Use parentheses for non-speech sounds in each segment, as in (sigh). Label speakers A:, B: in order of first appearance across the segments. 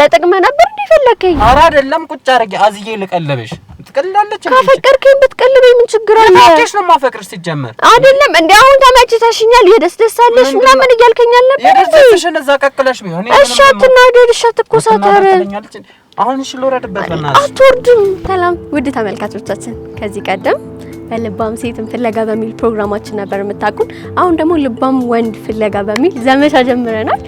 A: ለጥቅመህ ነበር እንደ ፈለከኝ?
B: ኧረ አይደለም፣ ቁጭ አድርጌ አዝዬ ልቀለበሽ። ትቀልዳለች።
A: ካፈቀርከኝ ብትቀልበኝ ምን ችግር አለ?
B: ታውቂሽ ነው የማፈቅርሽ። ሲጀመር
A: አይደለም እንዴ? አሁን ተመችተሽኛል፣ የደስ ደስ አለሽ ምናምን እያልከኝ አልነበረ?
B: የደስሽን እዛ ቀቅለሽ ቢሆን
A: እሺ። አትናደድ፣ እሺ፣ አትኮሳተር።
B: አሁን እሺ፣ ልወረድበት። በእናትሽ
A: አትወርድም። ሰላም ውድ ተመልካቾቻችን ከዚህ ቀደም በልባም ሴትን ፍለጋ በሚል ፕሮግራማችን ነበር የምታውቁን። አሁን ደግሞ ልባም ወንድ ፍለጋ በሚል ዘመቻ ጀምረናል።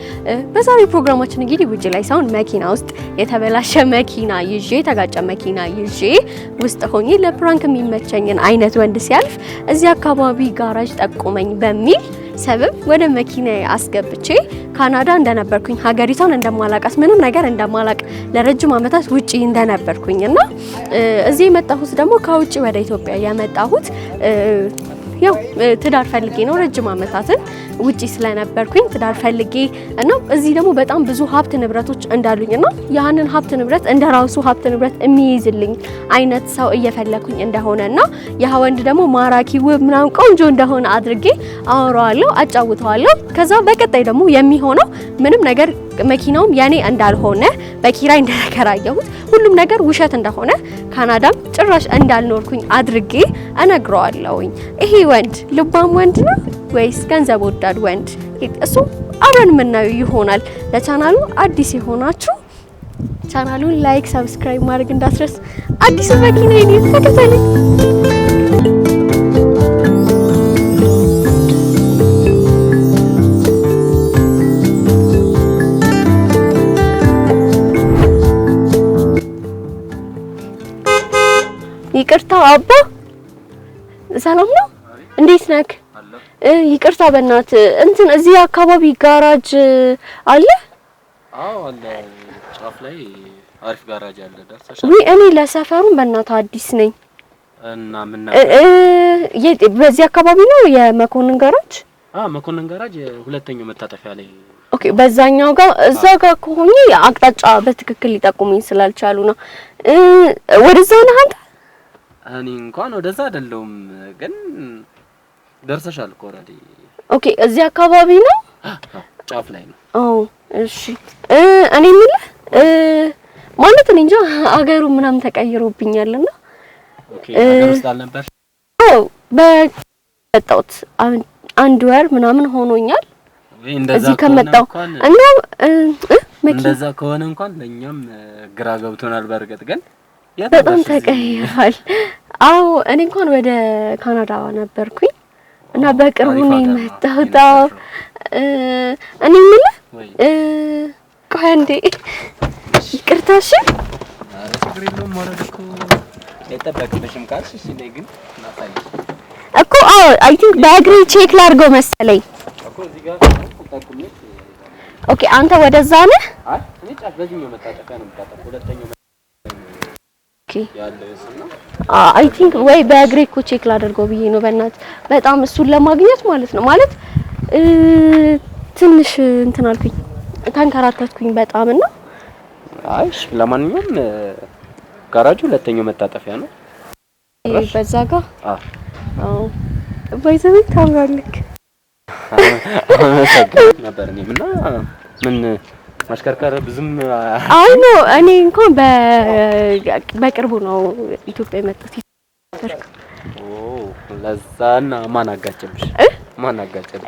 A: በዛሬ ፕሮግራማችን እንግዲህ ውጭ ላይ ሳይሆን መኪና ውስጥ የተበላሸ መኪና ይዤ፣ የተጋጨ መኪና ይዤ ውስጥ ሆኜ ለፕራንክ የሚመቸኝን አይነት ወንድ ሲያልፍ እዚህ አካባቢ ጋራጅ ጠቁመኝ በሚል ሰበብ ወደ መኪና አስገብቼ ካናዳ እንደነበርኩኝ ሀገሪቷን እንደማላቃት ምንም ነገር እንደማላቅ ለረጅም ዓመታት ውጪ እንደነበርኩኝ እና እዚህ የመጣሁት ደግሞ ከውጭ ወደ ኢትዮጵያ የመጣሁት ያው ትዳር ፈልጌ ነው። ረጅም ዓመታትን ውጪ ስለነበርኩኝ ትዳር ፈልጌ እና እዚህ ደግሞ በጣም ብዙ ሀብት ንብረቶች እንዳሉኝ እና ያንን ሀብት ንብረት እንደ ራሱ ሀብት ንብረት የሚይዝልኝ አይነት ሰው እየፈለኩኝ እንደሆነ እና ያ ወንድ ደግሞ ማራኪ ውብ ምናምን ቆንጆ እንደሆነ አድርጌ አወራዋለሁ፣ አጫውተዋለሁ። ከዛ በቀጣይ ደግሞ የሚሆነው ምንም ነገር መኪናውም የኔ እንዳልሆነ በኪራይ እንደተከራየሁት ሁሉም ነገር ውሸት እንደሆነ ካናዳም ጭራሽ እንዳልኖርኩኝ አድርጌ እነግረዋለሁኝ። ይሄ ወንድ ልባም ወንድ ነው ወይስ ገንዘብ ወዳድ ወንድ? እሱ አብረን የምናየው ይሆናል። ለቻናሉ አዲስ የሆናችሁ ቻናሉን ላይክ፣ ሰብስክራይብ ማድረግ እንዳትረስ። አዲስ መኪና ተከተለኝ። ይቅርታ አባ ሰላም ነው? እንዴት ነክ? ይቅርታ በእናት እንትን እዚህ አካባቢ ጋራጅ አለ?
B: አዎ አለ። ጫፍ ላይ አሪፍ ጋራጅ አለ። ዳርሳሽ
A: ወይ እኔ ለሰፈሩም በእናት አዲስ ነኝ እና ምን በዚህ አካባቢ ነው የመኮንን ጋራጅ?
B: አዎ መኮንን ጋራጅ ሁለተኛው መታጠፊያ ላይ
A: ኦኬ በዛኛው ጋር እዛ ጋር ከሆነ አቅጣጫ በትክክል ሊጠቁሙኝ ስላልቻሉ ነው። ወደዛ ነህ አንተ?
B: እኔ እንኳን ወደዛ አይደለሁም፣ ግን ደርሰሻል እኮ ኦልሬዲ።
A: ኦኬ፣ እዚህ አካባቢ ነው፣ ጫፍ ላይ ነው። ኦ እሺ። እኔ የምልህ ማለት ነው እንጃ አገሩ ምናምን ተቀይሮብኛልና። ኦኬ፣ አገር አንድ ወር ምናምን ሆኖኛል እዚህ ከመጣው እና
B: እንደዛ ከሆነ እንኳን ለእኛም ግራ ገብቶናል። በእርግጥ ግን
A: በጣም ተቀይሯል። አዎ እኔ እንኳን ወደ ካናዳ ነበርኩኝ እና በቅርቡ ነው የመጣሁት። እኔ የምልህ ቆይ አንዴ ይቅርታሽ እኮ አዎ፣ አይ ቲንክ በእግሬ ቼክ ላድርገው መሰለኝ። ኦኬ አንተ ወደዛ ነህ? አይ ቲንክ ወይ በእግሬ እኮ ቼክ ላደርገው ብዬ ነው። በእናት በጣም እሱን ለማግኘት ማለት ነው ማለት ትንሽ እንትን አልኩኝ ተንከራተትኩኝ በጣም እና
B: አይሽ ለማንኛውም ጋራጁ ሁለተኛው መታጠፊያ ነው። በዛ ጋ አዎ
A: ባይዘኝ ታምራልክ
B: ነበር እኔም እና ምን ማሽከርከር ብዙም
A: አይ ኖ እኔ እንኳን በቅርቡ ነው ኢትዮጵያ የመጣሁት።
B: ለዛና ማን አጋጨብሽ? ማን አጋጨብሽ?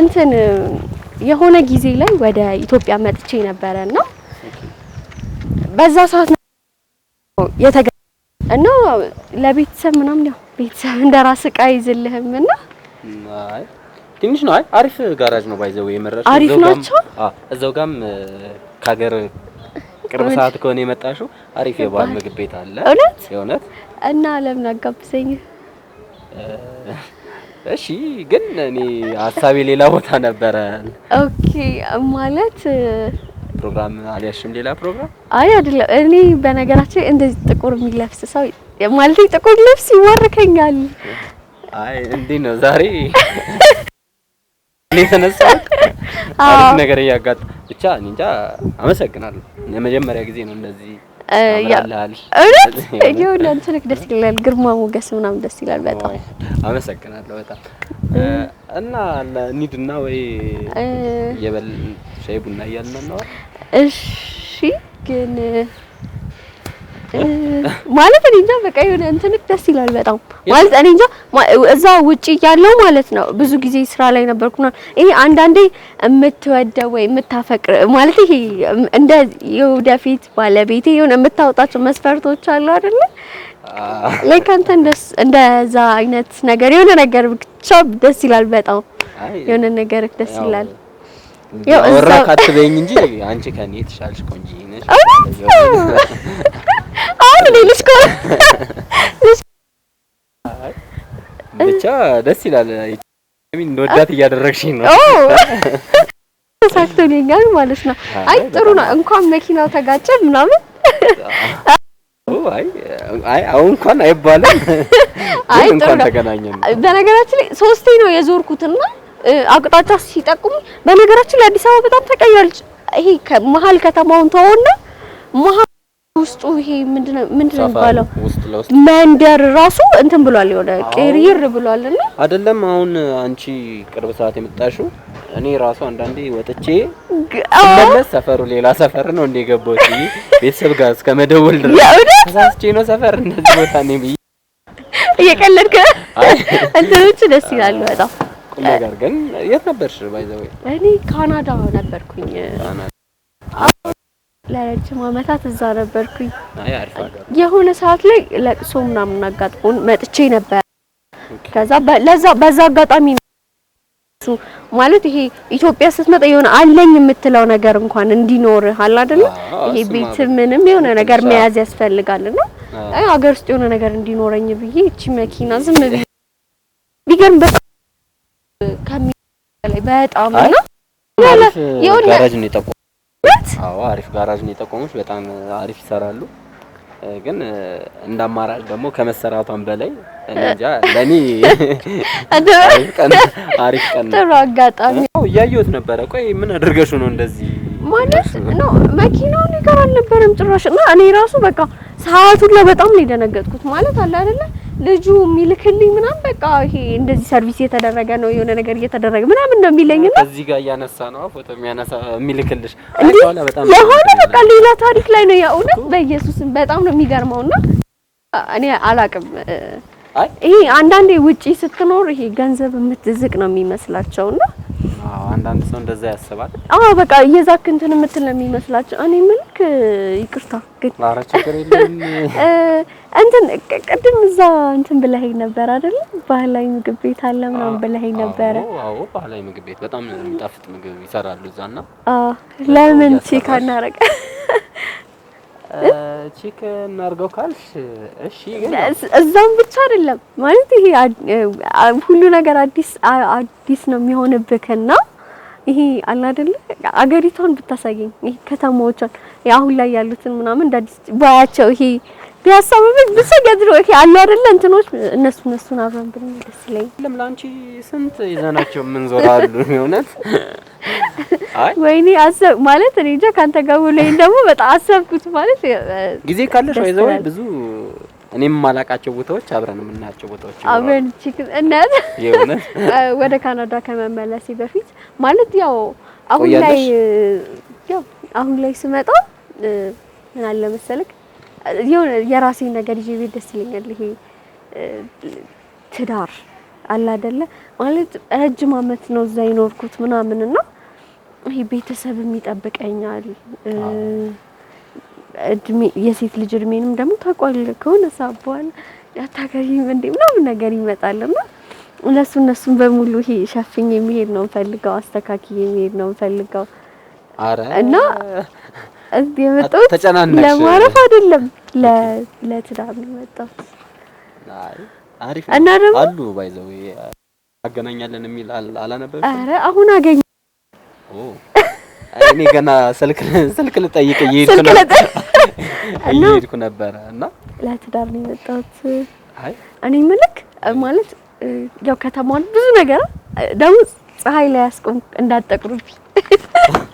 A: እንትን የሆነ ጊዜ ላይ ወደ ኢትዮጵያ መጥቼ ነበረ እና በዛ ሰዓት የተገ እና ለቤተሰብ ምናምን ያው ቤተሰብ እንደራስ ዕቃ አይዝልህም እና
B: ትንሽ ነው። አይ አሪፍ ጋራጅ ነው። ባይዘው የመረጥሽ
A: አሪፍ ናቸው።
B: እዛው ጋም ከሀገር ቅርብ ሰዓት ከሆነ የመጣሽው አሪፍ የባህል ምግብ ቤት አለ።
A: እውነት የእውነት እና ለምን አጋብዘኝ?
B: እሺ ግን እኔ ሀሳቤ ሌላ ቦታ ነበረ።
A: ኦኬ ማለት
B: ፕሮግራም አልያሽም? ሌላ ፕሮግራም?
A: አይ አይደለም። እኔ በነገራችን እንደዚህ ጥቁር የሚለብስ ሰው ማለት ጥቁር ልብስ ይማርከኛል።
B: አይ እንዴ ነው ዛሬ (laughs) የተነሳሁት (laughs) አሪፍ ነገር እያጋጥ ብቻ እንጃ። አመሰግናለሁ። የመጀመሪያ ጊዜ ነው እንደዚህ
A: እውነት (laughs) ደስ ይላል። ግርማ ሞገስ ምናምን ደስ ይላል። በጣም
B: አመሰግናለሁ። በጣም እና ኒድና ወይ የበል ሻይ ቡና እያልን ነው።
A: እሺ ግን ማለት እኔ እንጃ በቃ የሆነ እንትን ደስ ይላል በጣም ማለት እኔ እንጃ እዛ ውጪ ያለው ማለት ነው ብዙ ጊዜ ስራ ላይ ነበርኩና ይሄ አንዳንዴ የምትወደው ወይ የምታፈቅር ማለት ይሄ እንደ የወደፊት ባለቤቴ የሆነ የምታወጣቸው መስፈርቶች አሉ አይደለ ላይክ አንተ እንደዛ አይነት ነገር የሆነ ነገር ብቻ ደስ ይላል በጣም የሆነ ነገር ደስ ይላል
B: ያው እዛ ካትበይኝ እንጂ አንቺ ከኔ የተሻለሽ ቆንጆ
A: ነሽ አሁን እኔ ልጅ ከሆነ (laughs)
B: ብቻ ደስ ይላል። እንደወዳት እያደረግሽኝ
A: ነው። (laughs) ተሳክቶ ማለት ነው። አይ ጥሩ ነው። እንኳን መኪናው ተጋጨ ምናምን
B: አይ አሁን እንኳን አይባልም። አይ ጥሩ ነው።
A: በነገራችን ላይ ሶስቴ ነው የዞርኩትና አቅጣጫ ሲጠቁሙ በነገራችን ላይ አዲስ አበባ በጣም ተቀይራለች። ይሄ መሀል ከተማውን ተወውና መሀል ውስጡ ይሄ ምንድነው
B: የሚባለው
A: መንደር ራሱ እንትን ብሏል፣ የሆነ ቄሪር ብሏል። እና
B: አይደለም አሁን አንቺ ቅርብ ሰዓት የመጣሽው እኔ ራሱ አንዳንዴ ወጥቼ መለስ ሰፈሩ ሌላ ሰፈር ነው እንደ የገባሁት ቤተሰብ ጋር እስከ መደወል ድረስ ተሳስቼ ነው ሰፈር እንደዚህ ቦታ ነኝ ብዬ
A: እየቀለድክ እንትኖች ደስ ይላሉ በጣም
B: ቁም ነገር ግን የት ነበርሽ? ባይ
A: እኔ ካናዳ ነበርኩኝ። ለረጅም ዓመታት እዛ ነበርኩኝ። የሆነ ሰዓት ላይ ለቅሶ ምናምን አጋጥሞን መጥቼ ነበር። ከዛ ለዛ በዛ አጋጣሚ ማለት ይሄ ኢትዮጵያ ስትመጣ የሆነ አለኝ የምትለው ነገር እንኳን እንዲኖር አለ አይደል? ይሄ ቤት ምንም የሆነ ነገር መያዝ ያስፈልጋልና አይ ሀገር ውስጥ የሆነ ነገር እንዲኖረኝ ብዬ እቺ መኪና ዝም ብዬ ቢገርም በጣም ከሚ በጣም ነው
B: ያለ የሆነ ጋራጅ ነው አዎ አሪፍ ጋራጅ ነው የጠቆሙች። በጣም አሪፍ ይሰራሉ። ግን እንደ አማራጭ ደግሞ ከመሰራቷን በላይ እንጃ ለኔ (laughs) አሪፍ
A: ቀን ጥሩ አጋጣሚ
B: ነው። እያየሁት ነበረ። ቆይ ምን አድርገሽ ነው እንደዚህ
A: ማለት ነው? መኪናው እኔ ጋር አልነበረም ጭራሽ እና እኔ ራሱ በቃ ሰዓቱን ላይ በጣም ነው የደነገጥኩት። ማለት አለ አይደለ ልጁ የሚልክልኝ ምናም በቃ ይሄ እንደዚህ ሰርቪስ የተደረገ ነው የሆነ ነገር እየተደረገ ምናምን ነው የሚለኝ
B: ነው። እዚህ ጋር እያነሳ ነው ፎቶ የሚያነሳ የሚልክልሽ
A: የሆነ በቃ ሌላ ታሪክ ላይ ነው የእውነት በኢየሱስም በጣም ነው የሚገርመው እና እኔ አላቅም ይሄ አንዳንዴ ውጪ ስትኖር ይሄ ገንዘብ የምትዝቅ ነው የሚመስላቸው እና
B: አንዳንድ ሰው እንደዛ ያስባል።
A: አዎ በቃ እየዛክ እንትን የምትል ነው የሚመስላቸው። እኔ ምልክ ይቅርታ
B: ግን ኧረ ችግር የለም
A: እንትን ቅድም እዛ እንትን ብለኸኝ ነበር አይደል? ባህላዊ ምግብ ቤት አለ ምናምን ብለኸኝ ነበረ።
B: አዎ ባህላዊ ምግብ ቤት በጣም የሚጣፍጥ ምግብ ይሰራሉ እዛና።
A: አዎ ለምን ቼክ አናረቀ?
B: ቼክ እናርገው ካልሽ እሺ።
A: እዛም ብቻ አይደለም ማለት ይሄ ሁሉ ነገር አዲስ አዲስ ነው የሚሆንብክና ይሄ አለ አይደለ አገሪቷን ብታሳየኝ ይሄ ከተማዎቿን አሁን ላይ ያሉትን ምናምን እንዳዲስ ባያቸው ይሄ ቢያሳብብኝ ብዙ ገድሮ ይሄ አሉ አይደለ እንትኖች እነሱ እነሱን አብረን ብንል ደስ ይለኝ።
B: ለአንቺ ስንት ይዘናቸው ምን ዞራሉ አሉ
A: አይ ወይኔ አሰብ ማለት እኔ እንጃ ካንተ ጋር ውለኝ ደግሞ በጣም አሰብኩት ማለት
B: ጊዜ ካለሽ ወይ ወይዘው ብዙ እኔም ማላቃቸው ቦታዎች አብረን የምናያቸው ቦታዎች
A: አብረን ቺክ እነት የእውነት ወደ ካናዳ ከመመለሴ በፊት ማለት ያው አሁን ላይ ያው አሁን ላይ ስመጣ ምን አለ መሰለክ የራሴ ነገር ይዤ ቤት ደስ ይለኛል። ይሄ ትዳር አለ አይደለ ማለት ረጅም አመት ነው እዛ ይኖርኩት ምናምን እና ይሄ ቤተሰብም ይጠብቀኛል። እድሜ የሴት ልጅ እድሜንም ደግሞ ታቋል ከሆነ ሳቧል ያታገኝም እንዴ ምናምን ነገር ይመጣልና እነሱ እነሱም በሙሉ ይሄ ሸፍኝ የሚሄድ ነው ፈልገው አስተካክዬ የሚሄድ ነው ፈልገው እና እዚህ የመጣሁት ለማረፍ አይደለም፣ ለትዳር ነው የመጣሁት። አሪፍ እና ደግሞ አሉ
B: ባይዘው አገናኛለን የሚል አላነበብሽም?
A: ኧረ አሁን አገኘ። ኦ
B: እኔ ገና ስልክ ስልክ ልጠይቅ እየሄድኩ ነበረ (laughs)
A: እና ለትዳር ነው የመጣሁት። አይ እኔ ምልክ ማለት ያው ከተማውን ብዙ ነገር ደግሞ ፀሐይ ላይ ያስቆም እንዳጠቅሩብኝ (laughs)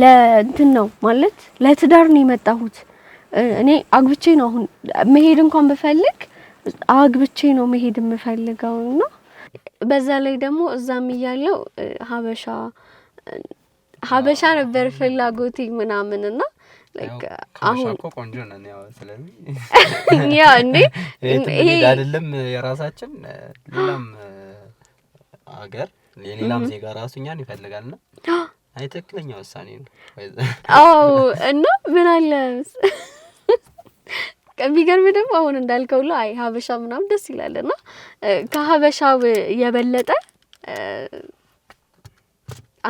A: ለእንትን ነው ማለት ለትዳር ነው የመጣሁት። እኔ አግብቼ ነው አሁን መሄድ እንኳን ብፈልግ አግብቼ ነው መሄድ የምፈልገው እና በዛ ላይ ደግሞ እዛም እያለው ሀበሻ ሀበሻ ነበር ፍላጎቴ ምናምን እና
B: አይደለም የራሳችን ሌላም ሀገር የሌላም ዜጋ ራሱ እኛን ይፈልጋልና አይ ትክክለኛ ውሳኔ ነው።
A: እና ምን አለ የሚገርም ደግሞ አሁን እንዳልከው ላ አይ ሀበሻ ምናምን ደስ ይላል እና ከሀበሻው የበለጠ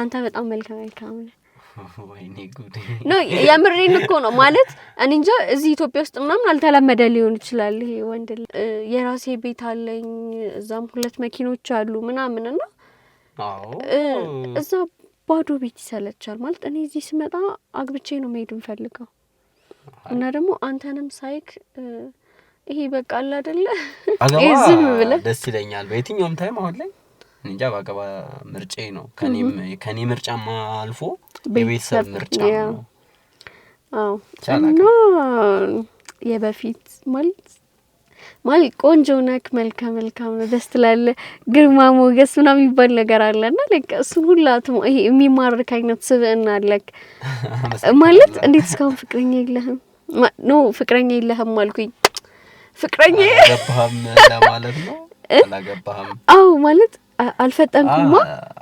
A: አንተ በጣም መልከ መልካም ነህ። ኖ የምሬን እኮ ነው ማለት እኔ እንጃ እዚህ ኢትዮጵያ ውስጥ ምናምን አልተለመደ ሊሆን ይችላል። ይሄ ወንድ የራሴ ቤት አለኝ እዛም ሁለት መኪኖች አሉ ምናምን እና እዛ ባዶ ቤት ይሰለቻል። ማለት እኔ እዚህ ስመጣ አግብቼ ነው መሄድ እንፈልገው እና ደግሞ አንተንም ሳይክ ይሄ በቃ አለ አደለ
B: ዝም ብለ ደስ ይለኛል። በየትኛውም ታይም አሁን ላይ እንጃ በአገባ ምርጬ ነው። ከኔ ምርጫ አልፎ የቤተሰብ ምርጫ ነው
A: እና የበፊት ማለት ማለት ቆንጆ ነክ መልከ መልካም ነው፣ ደስ ትላለ፣ ግርማ ሞገስ ምናምን የሚባል ነገር አለና ላይክ እሱ ሁላ ይሄ የሚማርክ አይነት ስብእና አለክ። ማለት እንዴት እስካሁን ፍቅረኛ የለህም? ኖ ፍቅረኛ የለህም አልኩኝ። ፍቅረኛ
B: ገባህም ለማለት ነው።
A: አዎ ማለት አልፈጠንኩማ።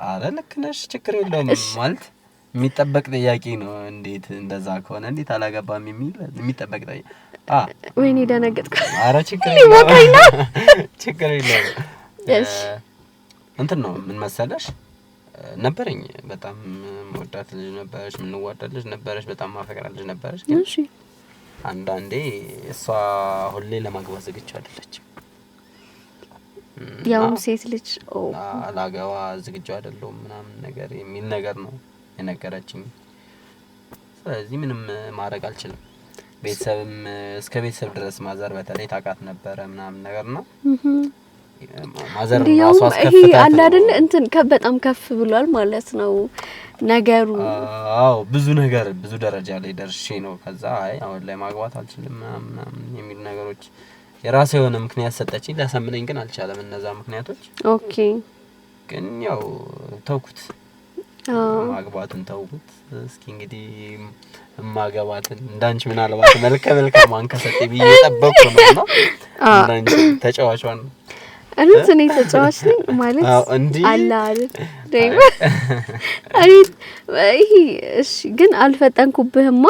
B: አረ ልክ ነሽ፣ ችግር የለውም ማለት የሚጠበቅ ጥያቄ ነው። እንዴት እንደዛ ከሆነ እንዴት አላገባም የሚል የሚጠበቅ ጥያቄ።
A: ወይኔ ደነገጥኩ። ኧረ (laughs) ችግር የለውም
B: ችግር የለውም። እንትን ነው ምን መሰለሽ ነበረኝ በጣም መወዳት ልጅ ነበረች፣ ምንዋዳት ልጅ ነበረች፣ በጣም ማፈቅራት ልጅ ነበረች። ግን አንዳንዴ እሷ ሁሌ ለማግባት ዝግጁ አይደለችም።
A: ያውም ሴት ልጅ
B: ላገባ ዝግጁ አይደለሁም ምናምን ነገር የሚል ነገር ነው የነገረችኝ። ስለዚህ ምንም ማድረግ አልችልም። ቤተሰብም እስከ ቤተሰብ ድረስ ማዘር በተለይ ታውቃት ነበረ ምናምን ነገር ነው።
A: ይሄ አለ እንትን በጣም ከፍ ብሏል ማለት ነው ነገሩ።
B: አዎ ብዙ ነገር ብዙ ደረጃ ላይ ደርሼ ነው። ከዛ አይ አሁን ላይ ማግባት አልችልም ምናምን የሚሉ ነገሮች የራሴ የሆነ ምክንያት ሰጠችኝ። ሊያሳምነኝ ግን አልቻለም። እነዛ ምክንያቶች ኦኬ። ግን ያው ተውኩት። ማግባትን ተውኩት። እስኪ እንግዲህ ማገባትን እንዳንቺ ምናልባት መልከ መልካሟን ከሰጠ ብዬ የጠበኩ ነው እና እንዳንቺ ተጫዋቿን
A: እነት እኔ ተጫዋች ነኝ ማለት አለ አይደል? ይሄ እሺ፣ ግን አልፈጠንኩብህማ።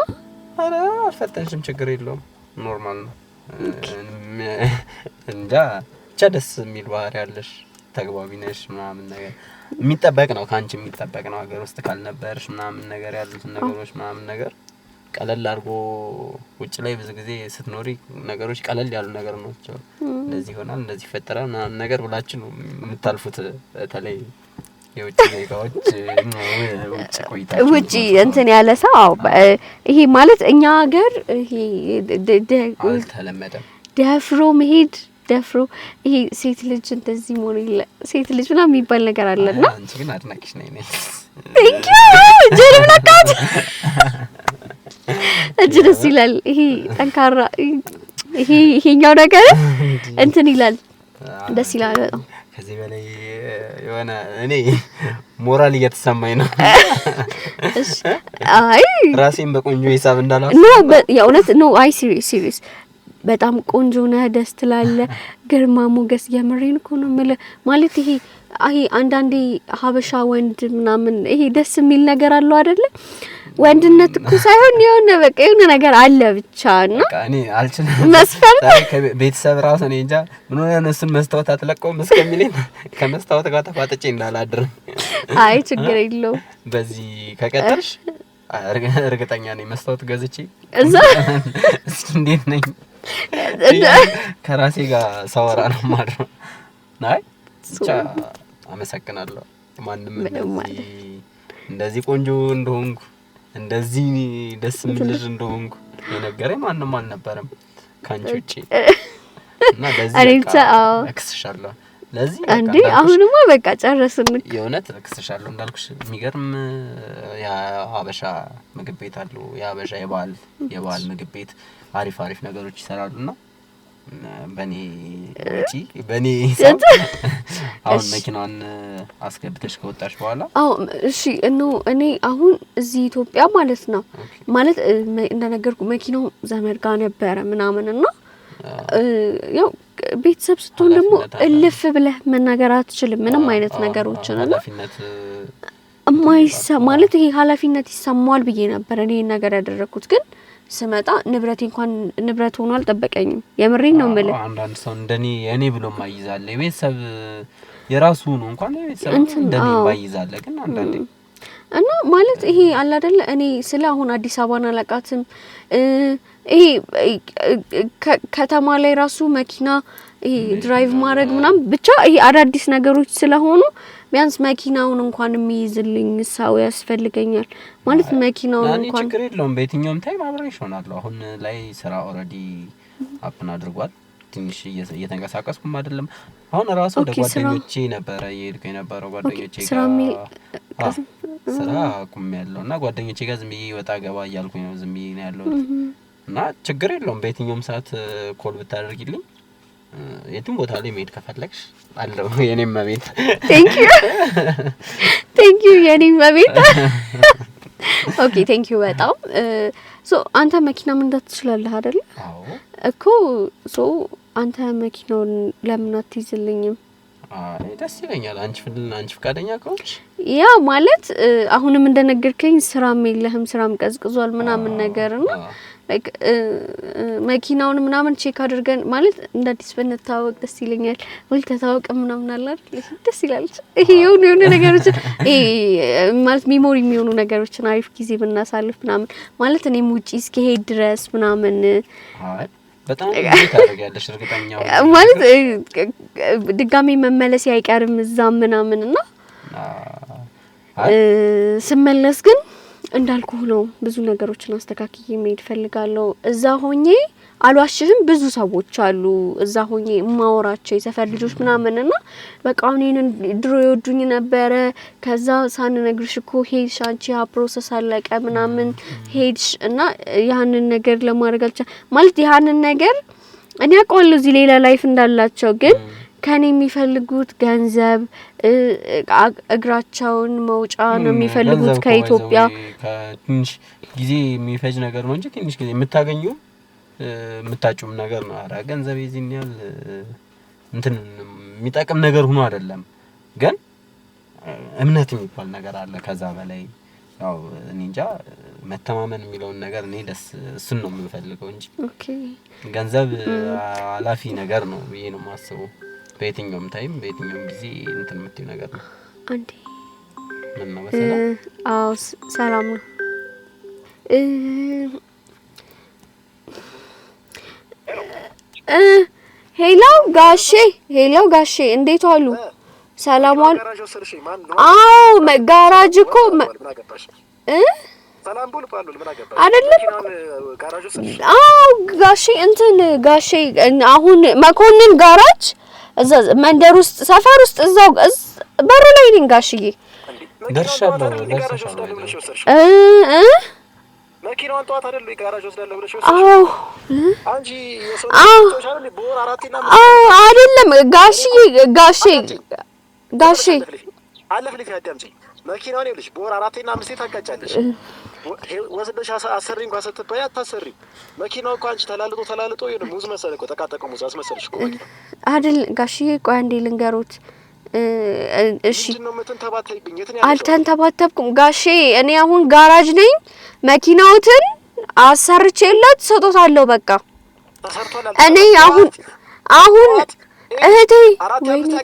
B: ኧረ አልፈጠንሽም፣ ችግር የለውም ኖርማል ነው። እንጃ ብቻ ደስ የሚል ባህሪ ያለሽ ተግባቢ ነሽ ምናምን ነገር የሚጠበቅ ነው ከአንቺ የሚጠበቅ ነው። ሀገር ውስጥ ካልነበርሽ ምናምን ነገር ያሉትን ነገሮች ምናምን ነገር ቀለል አድርጎ ውጭ ላይ ብዙ ጊዜ ስትኖሪ ነገሮች ቀለል ያሉ ነገር ናቸው። እንደዚህ ይሆናል፣ እንደዚህ ይፈጠራል ምናምን ነገር ብላችሁ ነው የምታልፉት። በተለይ የውጭ ዜጋዎች
A: ውጭ ቆይታ ውጭ እንትን ያለ ሰው ይሄ ማለት እኛ ሀገር ይሄ
B: አልተለመደም
A: ደፍሮ መሄድ ደፍሮ ይሄ ሴት ልጅ እንደዚህ መሆን የለ ሴት ልጅ ምናምን የሚባል ነገር አለና፣
B: አንቺ ግን አድናቂሽ ነኝ ነኝ
A: ቴንክ ዩ እጅ ደስ ይላል። ይሄ ጠንካራ ይሄ ይሄኛው ነገር እንትን ይላል፣ ደስ ይላል በጣም።
B: ከዚህ በላይ የሆነ እኔ ሞራል እየተሰማኝ ነው። አይ ራሴን በቆንጆ ሂሳብ እንዳላ
A: ኖ የእውነት ኖ አይ ሲሪስ ሲሪስ በጣም ቆንጆ ነህ፣ ደስ ትላለ፣ ግርማ ሞገስ። የምሬን እኮ ነው የምልህ። ማለት ይሄ አይ አንዳንዴ ሀበሻ ወንድ ምናምን ይሄ ደስ የሚል ነገር አለው አይደለ? ወንድነት እኮ ሳይሆን የሆነ በቃ የሆነ ነገር አለ ብቻ እና
B: እኔ አልችልም። መስፈርት ቤተሰብ ራሱ እኔ እንጃ ምን ሆነ ነው መስታወት አትለቀውም እስከሚል ከመስታወት ጋር ተፋጥጬ እንዳላድር።
A: አይ ችግር የለው
B: በዚህ ከቀጠልሽ እርግጠኛ ነኝ መስታወት ገዝቼ እዛ እንዴት ነኝ ከራሴ ጋር ሰወራ ነው ማለት ናይ ብቻ አመሰግናለሁ። ማንም እንደዚህ ቆንጆ እንደሆንኩ እንደዚህ ደስ የሚል እንደሆንኩ የነገረኝ ማንም አልነበረም ከአንቺ ውጭ እና እክስሻለሁ። ለዚህ
A: አንዴ አሁንማ በቃ ጨረስን።
B: የእውነት እክስሻለሁ እንዳልኩሽ የሚገርም የሀበሻ ምግብ ቤት አሉ። የሀበሻ የባህል የባህል ምግብ ቤት አሪፍ አሪፍ ነገሮች ይሰራሉና በእኔ ወጪ በእኔ (laughs) አሁን መኪናዋን አስገብተሽ ከወጣሽ በኋላ
A: አዎ እሺ እኖ እኔ አሁን እዚህ ኢትዮጵያ ማለት ነው ማለት እንደነገርኩ መኪናው ዘመድ ጋ ነበረ ምናምን ና ያው ቤተሰብ ስትሆን ደግሞ እልፍ ብለህ መናገር አትችልም ምንም አይነት ነገሮችን ማለት ይሄ ኃላፊነት ይሰማዋል ብዬ ነበር እኔ ነገር ያደረግኩት ግን ስመጣ ንብረቴ እንኳን ንብረት ሆኖ አልጠበቀኝም። የምሬን ነው የምልህ።
B: አንዳንድ ሰው እንደኔ እኔ ብሎ ማይዛለ የቤተሰብ የራሱ ነው እንኳን የቤተሰብ እንደኔ ማይዛለ ግን አንዳንዴ
A: እና ማለት ይሄ አላደለ እኔ ስለ አሁን አዲስ አበባን አላቃትም። ይሄ ከተማ ላይ ራሱ መኪና ይሄ ድራይቭ ማድረግ ምናምን ብቻ ይሄ አዳዲስ ነገሮች ስለሆኑ ቢያንስ መኪናውን እንኳን የሚይዝልኝ ሰው ያስፈልገኛል። ማለት መኪናውን
B: እንኳን ችግር የለውም በየትኛውም ታይም አብሬሽ ሆናለሁ። አሁን ላይ ስራ ኦልሬዲ አፕን አድርጓል። ትንሽ እየተንቀሳቀስኩም አይደለም። አሁን ራሱ ወደ ጓደኞቼ ነበረ እየሄድኩ የነበረው ጓደኞቼ ስራ ቁም ያለው እና ጓደኞቼ ጋር ዝም ብዬ ወጣ ገባ እያልኩኝ ነው ዝም ብዬ ነው ያለሁት እና ችግር የለውም በየትኛውም ሰዓት ኮል ብታደርግልኝ የትም ቦታ ላይ መሄድ ከፈለግሽ አለው። የኔም መቤት
A: ቴንክ ዩ ቴንክ ዩ የኔም መቤት ኦኬ ቴንክ ዩ በጣም ሶ አንተ መኪና መንዳት ትችላለህ አይደለ? እኮ ሶ አንተ መኪናውን ለምን አትይዝልኝም?
B: ደስ ይለኛል። አንቺ ፍልና አንቺ ፍቃደኛ ከሆንሽ
A: ያ ማለት አሁንም እንደነገርከኝ ስራም የለህም ስራም ቀዝቅዟል ምናምን ነገር ነው Uh, uh, መኪናውን ምናምን ቼክ አድርገን ማለት እንደ አዲስ ብንተዋወቅ ደስ ይለኛል። ወይ ተታወቀ ምናምን አለ ደስ ይላለች። ይሄ የሆኑ የሆኑ ነገሮችን ማለት ሚሞሪ የሚሆኑ ነገሮችን አሪፍ ጊዜ ብናሳልፍ ምናምን ማለት እኔም ውጪ እስከሄድ ድረስ ምናምን
B: (laughs)
A: ማለት ድጋሜ መመለስ አይቀርም እዛ ምናምን እና ስመለስ ግን እንዳልኩ ነው። ብዙ ነገሮችን አስተካክዬ መሄድ ፈልጋለሁ። እዛ ሆኜ አሏሽህም ብዙ ሰዎች አሉ እዛ ሆኜ የማወራቸው የሰፈር ልጆች ምናምን ና በቃ አሁን ይህንን ድሮ የወዱኝ ነበረ። ከዛ ሳንነግርሽ እኮ ሄድሽ አንቺ፣ ያ ፕሮሰስ አለቀ ምናምን ሄድሽ እና ያንን ነገር ለማድረግ አልቻ ማለት ያንን ነገር እኔ አውቀዋለሁ እዚህ ሌላ ላይፍ እንዳላቸው ግን ከኔ የሚፈልጉት ገንዘብ እግራቸውን መውጫ ነው የሚፈልጉት ከኢትዮጵያ።
B: ትንሽ ጊዜ የሚፈጅ ነገር ነው እንጂ ትንሽ ጊዜ የምታገኙ የምታጩም ነገር ነው። ኧረ ገንዘብ የዚህን ያህል እንትን የሚጠቅም ነገር ሆኖ አይደለም፣ ግን እምነት የሚባል ነገር አለ። ከዛ በላይ ያው እኔ እንጃ መተማመን የሚለውን ነገር እኔ ደስ እሱን ነው የምንፈልገው እንጂ ገንዘብ ሀላፊ ነገር ነው ብዬ ነው የማስበው። በየትኛውም ታይም በየትኛውም ጊዜ እንትን የምትይው ነገር ነው።
A: አንዴ ምን ነው በሰላም? አዎ ሰላም ነው። ሄላው ጋሼ፣ ሄላው ጋሼ እንዴት አሉ? ሰላም ዋል። አዎ መጋራጅ እኮ እ አዎ ጋሼ እንትን ጋሼ አሁን መኮንን ጋራጅ እዛ መንደር ውስጥ ሰፈር ውስጥ እዛው በሩ ላይ ነኝ ጋሽዬ። ደርሻለሁ። አይደለም ጋሽዬ ጋሼ ጋሼ
B: አለፍልሽ አዳምጪኝ መኪናዋን ይኸውልሽ በወር አራቴና አምስቴ ታጋጫለሽ ወስደሽ አሰሪ እንኳ ስትባይ አታሰሪም። መኪናው እኮ አንቺ ተላልጦ ተላልጦ ይሁን ሙዝ መሰለ እኮ ተቃጠቀ ሙዝ አስመሰልሽ እኮ
A: አይደል ጋሽዬ? ቆይ አንዴ ልንገሮት።
B: እሺ አልተንተባተብኩም ጋሼ። እኔ አሁን ጋራጅ ነኝ። መኪናዎትን
A: አሰርቼለት ሰጦታለሁ። በቃ እኔ አሁን አሁን እህቴ ወይኔ ጉዴ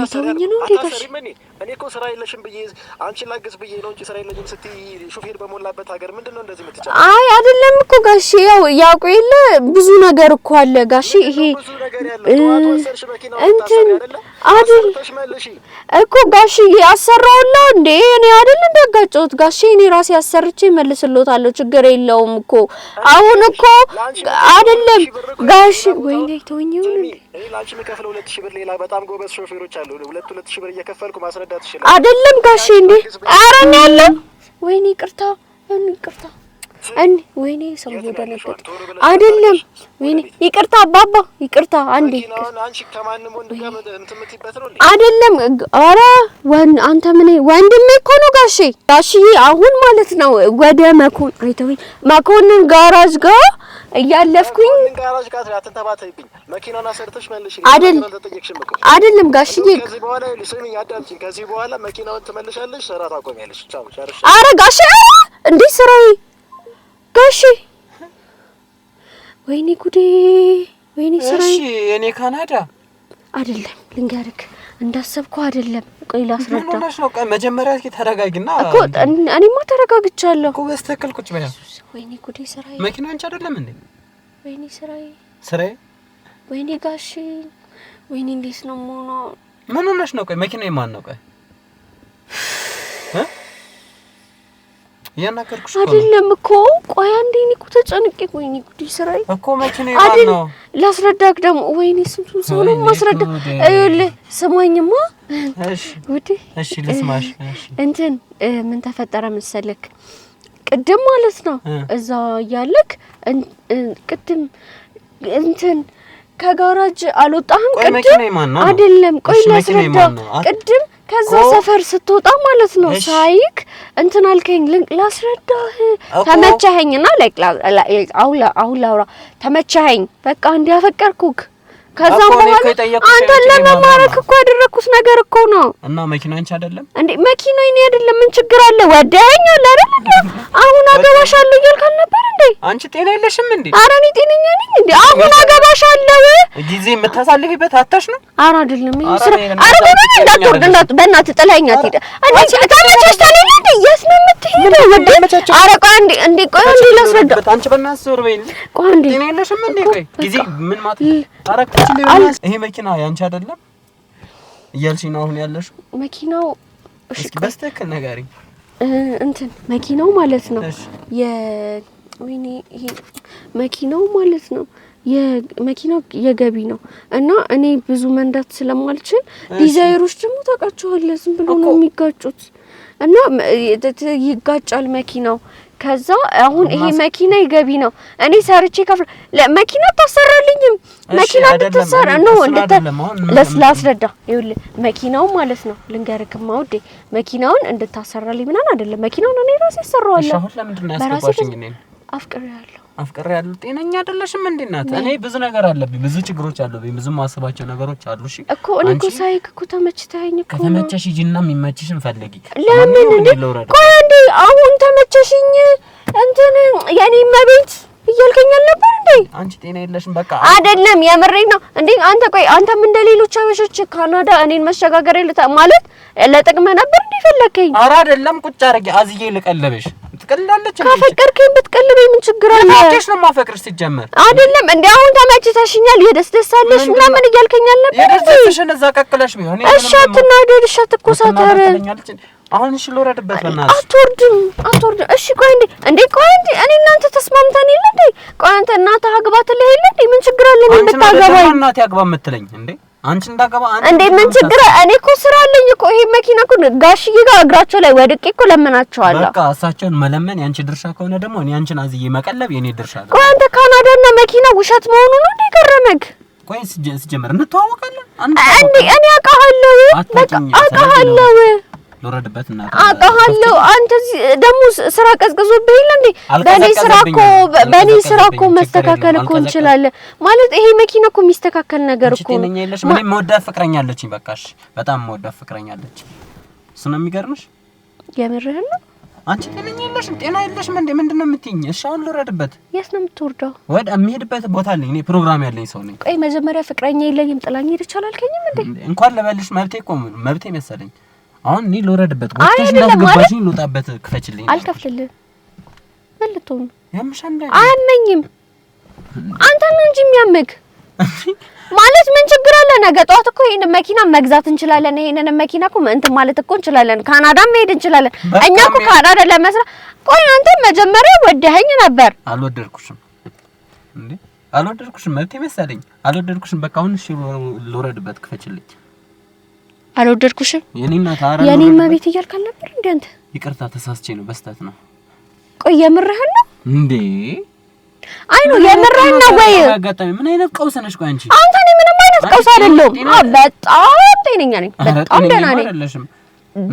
B: አልተወኝ ነው እንዴ ጋሽ እኔ እኮ ስራ የለሽም ብዬ አንቺን ላግዝ ብዬ ነው እንጂ ስራ የለኝም ስትይ ሹፌር በሞላበት ሀገር ምንድን ነው እንደዚህ የምትጫ?
A: አይ አይደለም እኮ ጋሺ፣ ያው ያውቁ የለ ብዙ ነገር እኮ አለ ጋሺ። ይሄ እንትን አይደል እኮ ጋሺ ያሰራውላ እንዴ? እኔ አይደለም እንዳጋጨሁት ጋሺ። እኔ ራሴ አሰርቼ መልስሎታለሁ። ችግር የለውም እኮ አሁን እኮ አይደለም ጋሺ። ወይኔ ተወኝ ይሁን እኔ
B: ላንቺ የምከፍለው ሁለት ሺህ ብር ሌላ በጣም ጎበዝ ሾፌሮች አሉ። ሁለት ሁለት ሺህ ብር እየከፈልኩ ማስረዳ
A: አይደለም ጋሼ እንዴ? አረን እኔ ወይኔ ይቅርታ፣ ይቅርታ እን ወይኔ ሰው ደነገጠ። አይደለም ወይኔ ይቅርታ አባባ ይቅርታ፣ አንዴ አይደለም። አረ ወን አንተ ምን ወንድሜ እኮ ነው ጋሼ፣ ጋሽዬ አሁን ማለት ነው ወደ መኮን አይተው መኮንን ጋራጅ ጋር እያለፍኩኝ አይደለም ጋሽዬ፣ አረ ጋሽ እንዴ ስራዬ ጋሼ ወይኔ ጉዴ!
B: ወይኔ ስራ። እኔ ካናዳ
A: አይደለም ልንገርክ፣ እንዳሰብከው አይደለም።
B: ቆይ ላስረዳ ነው። መጀመሪያ እስኪ ተረጋጊና
A: እኮ እኔማ ተረጋግቻለሁ እኮ።
B: በስተክል ቁጭ በያ።
A: ወይኔ ጉዴ! ስራ
B: መኪና አንቺ አይደለም እንዴ? ወይኔ ስራዬ፣ ስራዬ።
A: ወይኔ ጋሼ፣ ወይኔ እንዴት ነው መሆኗ?
B: ምን ሆነሽ ነው? ቆይ መኪና የማን ነው? ቆይ እያናገርኩሽ
A: አይደለም እኮ ቆይ አንዴ፣ እኔ እኮ ተጨንቄ፣ ወይኔ ጉዴ ስራዬ
B: እኮ መቼ ነው አይደል?
A: ላስረዳክ ደግሞ ወይኔ፣ ስንቱን ሰው ነው ማስረዳ። ይኸውልህ ስማኝማ፣
B: ጉዴ እሺ፣ ልስማሽ።
A: እንትን ምን ተፈጠረ መሰለክ፣ ቅድም ማለት ነው እዛ እያለክ ቅድም እንትን ከጋራጅ አልወጣህም? ቅድም አይደለም፣ ቆይ ላስረዳ። ቅድም ከዛ ሰፈር ስትወጣ ማለት ነው ሳይክ እንትን አልከኝ። ላስረዳህ ተመቻኸኝና ላይክ አውላ አውላ አውራ ተመቸኸኝ፣ በቃ እንዲያፈቀርኩክ ከዛ በኋላ አንተን ለመማረክ እኮ ያደረኩት ነገር እኮ ነው።
B: እና መኪና አንቺ አይደለም
A: እንዴ? መኪና ይኔ አይደለም። ምን ችግር አለ? ወደኛ አይደል አሁን አገባሻለሁ እያልክ አልነበረ እንዴ?
B: አንቺ ጤና የለሽም እንዴ?
A: ኧረ እኔ ጤነኛ ነኝ እንዴ? አሁን
B: ጊዜ የምታሳልፊበት አታሽ ነው።
A: ኧረ አይደለም ስራ እንዳትወርድ እንዳት በእናትህ ጥለኸኝ አትሄድም።
B: ይሄ መኪና ያንቺ አይደለም እያልሽኝ ነው አሁን ያለሽ መኪናው። እሺ በስተክል ነገሪ
A: እንትን መኪናው ማለት ነው የ ወይኔ ይሄ መኪናው ማለት ነው የመኪናው የገቢ ነው እና እኔ ብዙ መንዳት ስለማልችል ዲዛይሮች ደግሞ ታውቃቸዋለህ፣ ዝም ብሎ ነው የሚጋጩት እና ይጋጫል መኪናው። ከዛ አሁን ይሄ መኪና የገቢ ነው፣ እኔ ሰርቼ ከፍ መኪና ታሰራልኝም መኪና ብትሰራ ነው እንድተ ላስረዳ ይኸውልህ፣ መኪናውን ማለት ነው ልንገርክማ ውዴ፣ መኪናውን እንድታሰራልኝ ምናምን አይደለም። መኪናውን እኔ ራሴ እሰራዋለሁ በራሴ አፍቅሬ ያለሁ
B: አፍቅሬ ያለሁ። ጤነኛ አይደለሽም እንዴ እናት? እኔ ብዙ ነገር አለብኝ፣ ብዙ ችግሮች አለብኝ ብዙ ማስባቸው ነገሮች አሉ። እሺ
A: እኮ እኔ እኮ ሳይክ እኮ ተመችተኸኝ እኮ
B: ከተመቸሽ ሂጂና የሚመችሽን ፈልጊ።
A: ለምን እንዴ? ቆይ እንዴ አሁን ተመቸሽኝ እንትን የኔ መቤት እያልከኝ አልነበር እንዴ?
B: አንቺ ጤና የለሽም። በቃ
A: አይደለም የምሬ ነው እንዴ አንተ። ቆይ አንተም እንደ ሌሎች አበሾች ካናዳ እኔን መሸጋገር ማለት ለጥቅመህ ነበር እንዴ ፈለከኝ?
B: ኧረ አይደለም። ቁጭ አርጊ አዝዬ ልቀለበሽ ትቀልላለች።
A: ካፈቀርከኝ ብትቀልበኝ ምን ችግር አለ?
B: ታውቂሽ ነው የማፈቅርሽ ሲጀመር
A: አይደለም እንዴ? አሁን ተመችተሽኛል፣ የደስ ደስ ምናምን እያልከኝ አልነበረ?
B: የደስሽን እዛ ቀቅለሽ ቢሆን
A: እሺ። አትናደድ፣ እሺ አትኮሳተር።
B: አሁን እሺ ልወረድበት። በእናትሽ
A: አትወርድም፣ አትወርድም። እሺ ቆይ እንዴ፣ እንዴ ቆይ እንዴ፣ እኔ እናንተ ተስማምተን የለ እንዴ? ቆይ አንተ እናትህ አግባት ልህ እንዴ? ምን ችግር አለ
B: ብታገባኝ? እናትህ አግባ የምትለኝ እንዴ? አንቺ እንዳገባ
A: እንዴ ምን ችግር? እኔ እኮ ስራ አለኝ እኮ ይሄ መኪና እኮ ጋሽዬ ጋር እግራቸው ላይ ወድቄ እኮ ለምናቸዋለሁ።
B: በቃ እሳቸውን መለመን ያንቺ ድርሻ ከሆነ ደግሞ እኔ አንቺን አዝዬ መቀለብ የኔ ድርሻ
A: ነው። ቆይ አንተ ካናዳ መኪና ውሸት መሆኑ ነው እንዴ ገረመክ?
B: ቆይ ስጀምር እንተዋወቃለን።
A: አንዴ እኔ አውቃለሁ፣ በቃ አውቃለሁ ልወረድበት እና አውቃለሁ። አንተ ደግሞ ስራ ቀዝቅዞብህ የለ እንዴ? በእኔ ስራ እኮ በእኔ ስራ እኮ መስተካከል እኮ እንችላለን ማለት ይሄ መኪና እኮ የሚስተካከል ነገር እኮ
B: ጤነኛ የለሽ። እኔ የምወዳት ፍቅረኛ አለችኝ። በቃሽ፣ በጣም የምወዳት ፍቅረኛ አለችኝ። እሱ ነው የሚገርምሽ። የምርህን ነው? አንቺ ጤነኛ የለሽም። ጤና የለሽም እንዴ? ምንድን ነው የምትይኝ? እሺ አሁን ልውረድበት።
A: የት ነው የምትወርደው?
B: ወደ የሚሄድበት ቦታ አለኝ እኔ ፕሮግራም ያለኝ ሰው ነኝ።
A: ቆይ መጀመሪያ ፍቅረኛ የለኝም ጥላኝ ሄደች አላልከኝም እንዴ?
B: እንኳን ልበልሽ መብቴ እኮ መብቴ መሰለኝ አሁን እኔ ልውረድበት ወጥተሽ እንዳስገባሽኝ ልውጣበት። ክፈችልኝ።
A: አልከፍልልህ። ምን ልትሆን ያምሻል? አያመኝም። አንተ ነው እንጂ የሚያመግ ማለት ምን ችግር አለ? ነገ ጠዋት እኮ ይሄን መኪና መግዛት እንችላለን። ይሄንን መኪና እኮ እንትን ማለት እኮ እንችላለን። ካናዳ መሄድ እንችላለን። እኛ እኮ ካናዳ ለመስራት። ቆይ አንተ መጀመሪያ ወደኸኝ ነበር።
B: አልወደድኩሽም እንዴ? አልወደድኩሽም። መብቴ መሰለኝ። አልወደድኩሽም። በቃ አሁን እሺ፣ ልውረድበት። ክፈችልኝ
A: አልወደድኩሽም። የኔማ ቤት እያልክ አልነበር እንዴ
B: አንተ? ይቅርታ ተሳስቼ ነው፣ በስተት ነው።
A: ቆይ የምርህን ነው እንዴ? አይ ነው የምርህን ነው ወይ?
B: አጋጣሚ ምን አይነት ቀውስ ነሽ? ቆይ አንቺ
A: አንተ እኔ ምንም አይነት ቀውስ አይደለሁም። በጣም ጤነኛ ነኝ፣ በጣም ደህና ነኝ።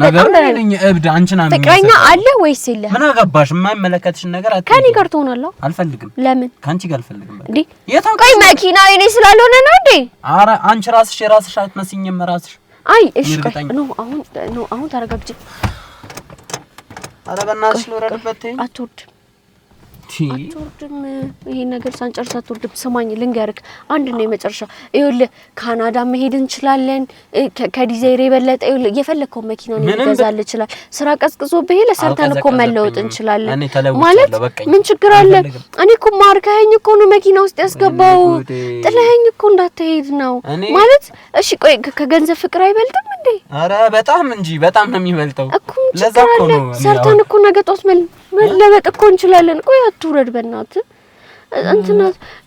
B: ነገር ነኝ እብድ አንቺና
A: ምን ፍቅረኛ አለ ወይስ የለህም?
B: ምን አገባሽ? የማይመለከትሽን ነገር አትልም።
A: ከኔ ጋር ትሆናለህ? አልፈልግም። ለምን?
B: ካንቺ ጋር አልፈልግም።
A: እንዴ የታው? ቆይ መኪና የኔ ስላልሆነ ነው እንዴ?
B: ኧረ አንቺ ራስሽ የራስሽ አትመስኝም ራስሽ
A: አይ እሺ፣ ቆይ አሁን ኖ፣ አሁን ተረጋግጂ።
B: ኧረ በእናትሽ ልወረድበት።
A: አትወርድም አትወርድም። ይሄን ነገር ሳንጨርስ አትወርድም። ስማኝ ልንገርክ፣ አንድ ነው የመጨረሻ። ይኸውልህ ካናዳ መሄድ እንችላለን። ከዲዛይር የበለጠ ይኸውልህ፣ የፈለግከው መኪና ሊገዛል ይችላል። ስራ ቀዝቅዞ ቀዝቅዞብህ ለሰርተን እኮ መለወጥ እንችላለን። ማለት ምን ችግር አለ? እኔ እኮ ማርከኸኝ እኮ ነው መኪና ውስጥ ያስገባው። ጥለኸኝ እኮ እንዳትሄድ ነው ማለት። እሺ ቆይ ከገንዘብ ፍቅር አይበልጥም እንዴ?
B: ኧረ በጣም እንጂ በጣም ነው የሚበልጠው
A: እኮ። ምን ችግር አለ? ሰርተን እኮ ነገ ጧት መል መለበጥ እኮ እንችላለን። ቆይ አትውረድ፣ በእናትህ እንትና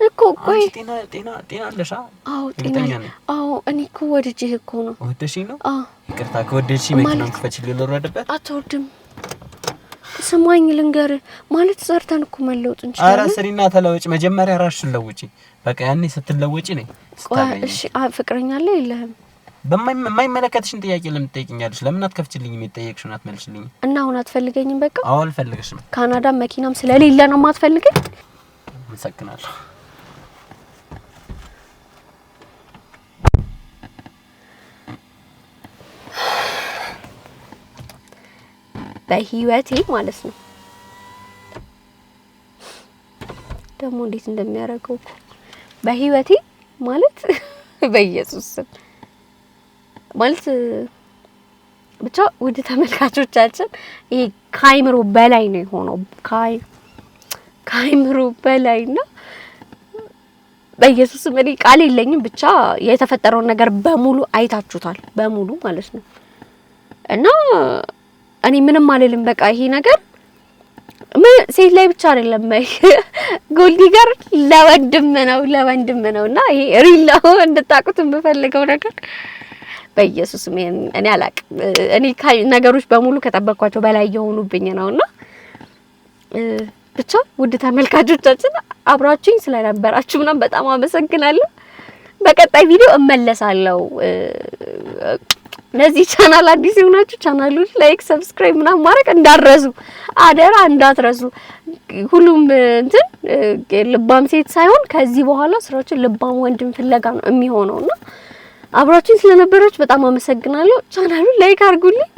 B: እኮ ቆይ፣ ጤና ጤና ጤና አለሻ?
A: አዎ ጤና አዎ። እኔ እኮ ወድጄህ እኮ ነው።
B: ወደድሽኝ ነው? አዎ። ይቅርታ፣ ከወደድሽኝ መኪና ክፈችልኝ፣ ልንወርድበት።
A: አትወርድም። ስማኝ ልንገር ማለት ሰርተን እኮ መለወጥ እንችላለን።
B: አራ ስሪና ተለወጭ። መጀመሪያ ራስሽን ለውጪ። በቃ ያኔ ስትለወጪ ነኝ።
A: እሺ፣ ፍቅረኛ አለ የለህም?
B: በማይመለከትሽን ጥያቄ ለምን ትጠይቅኛለሽ? ለምን አትከፍችልኝ? የጠየቅሽውን አትመልሽልኝ
A: እና አሁን አትፈልገኝም? በቃ
B: አዎ፣ አልፈልግሽም።
A: ካናዳ መኪናም ስለሌለ ነው የማትፈልገኝ።
B: አመሰግናለሁ።
A: በህይወቴ ማለት ነው ደግሞ እንዴት እንደሚያደርገው በህይወቴ ማለት በኢየሱስ ስም ማለት ብቻ ውድ ተመልካቾቻችን ይሄ ከአይምሮ በላይ ነው የሆነው። ካይ ከአይምሮ በላይ ና በኢየሱስ እኔ ቃል የለኝም። ብቻ የተፈጠረውን ነገር በሙሉ አይታችሁታል፣ በሙሉ ማለት ነው። እና እኔ ምንም አልልም። በቃ ይሄ ነገር ሴት ላይ ብቻ አይደለም፣ (laughs) ጎልዲ ጋር ለወንድም ነው ለወንድም ነው። እና ይሄ ሪል ነው እንድታቁት የምፈልገው ነገር በኢየሱስ እኔ አላቅ እኔ ነገሮች በሙሉ ከጠበቅኳቸው በላይ የሆኑብኝ ነውና ብቻ ውድ ተመልካቾቻችን አብራችሁኝ ስለነበራችሁ ምናም በጣም አመሰግናለሁ። በቀጣይ ቪዲዮ እመለሳለሁ። ለዚህ ቻናል አዲስ የሆናችሁ ቻናሉን ላይክ፣ ሰብስክራይብ ምናምን ማድረግ እንዳትረሱ፣ አደራ እንዳትረሱ። ሁሉም እንትን ልባም ሴት ሳይሆን ከዚህ በኋላ ስራችን ልባም ወንድም ፍለጋ ነው የሚሆነውና አብራችን ስለነበራችሁ በጣም አመሰግናለሁ። ቻናሉን ላይክ አድርጉልኝ።